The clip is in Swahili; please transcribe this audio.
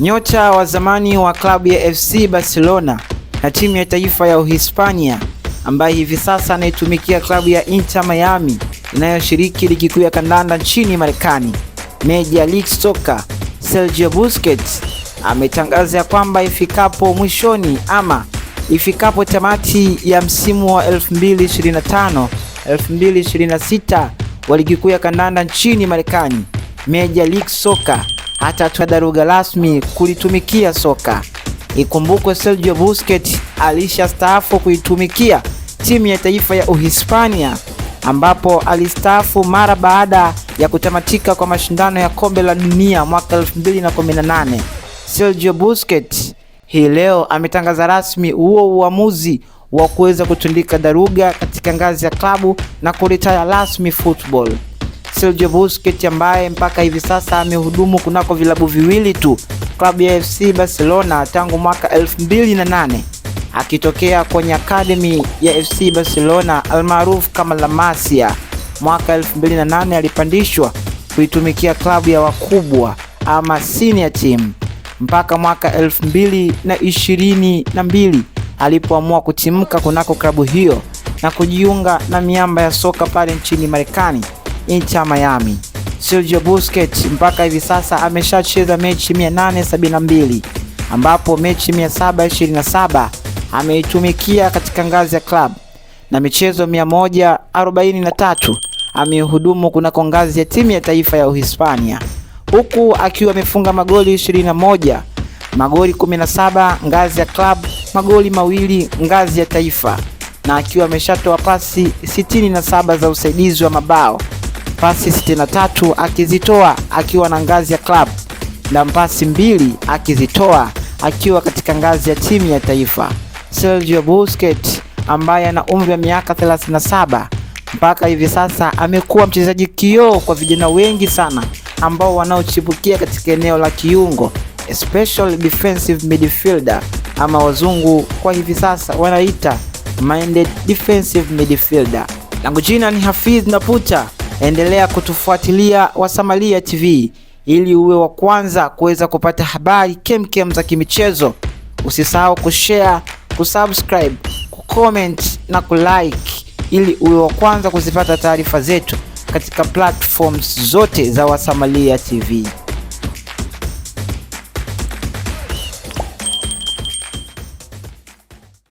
Nyota wa zamani wa klabu ya FC Barcelona na timu ya taifa ya Uhispania ambaye hivi sasa anaitumikia klabu ya Inter Miami inayoshiriki ligi kuu ya kandanda nchini Marekani, Major League Soccer, Sergio Busquets ametangaza kwamba ifikapo mwishoni ama ifikapo tamati ya msimu wa 2025 2026 wa ligi kuu ya kandanda nchini Marekani, Major League Soccer tuada daruga rasmi kulitumikia soka. Ikumbukwe Sergio Busquets alishastaafu kuitumikia timu ya taifa ya Uhispania ambapo alistaafu mara baada ya kutamatika kwa mashindano ya kombe la dunia mwaka 2018. Sergio Busquets hii leo ametangaza rasmi huo uamuzi wa kuweza kutundika daruga katika ngazi ya klabu na kuritaya rasmi football. Sergio Busquets ambaye mpaka hivi sasa amehudumu kunako vilabu viwili tu, klabu ya FC Barcelona tangu mwaka 2008 akitokea kwenye akademi ya FC Barcelona almaarufu kama La Masia. Mwaka 2008 alipandishwa kuitumikia klabu ya wakubwa ama senior team mpaka mwaka 2022 alipoamua kutimka kunako klabu hiyo na kujiunga na miamba ya soka pale nchini Marekani Inter Miami. Sergio Busquets mpaka hivi sasa ameshacheza mechi 872 ambapo mechi 727 ameitumikia katika ngazi ya club na michezo 143 amehudumu kunako ngazi ya timu ya taifa ya Uhispania huku akiwa amefunga magoli 21, magoli 17 ngazi ya club, magoli mawili ngazi ya taifa, na akiwa ameshatoa pasi 67 za usaidizi wa mabao pasi 63 akizitoa akiwa na ngazi ya club na pasi mbili akizitoa akiwa katika ngazi ya timu ya taifa. Sergio Busquets ambaye ana umri wa miaka 37 mpaka hivi sasa amekuwa mchezaji kioo kwa vijana wengi sana ambao wanaochipukia katika eneo la kiungo, special defensive midfielder ama wazungu kwa hivi sasa wanaita minded defensive midfielder. Langu jina ni Hafidh Naputa endelea kutufuatilia Wasamalia TV ili uwe wa kwanza kuweza kupata habari kemkem za kimichezo. Usisahau kushare, kusubscribe, kucomment na kulike ili uwe wa kwanza kuzipata taarifa zetu katika platforms zote za Wasamalia TV.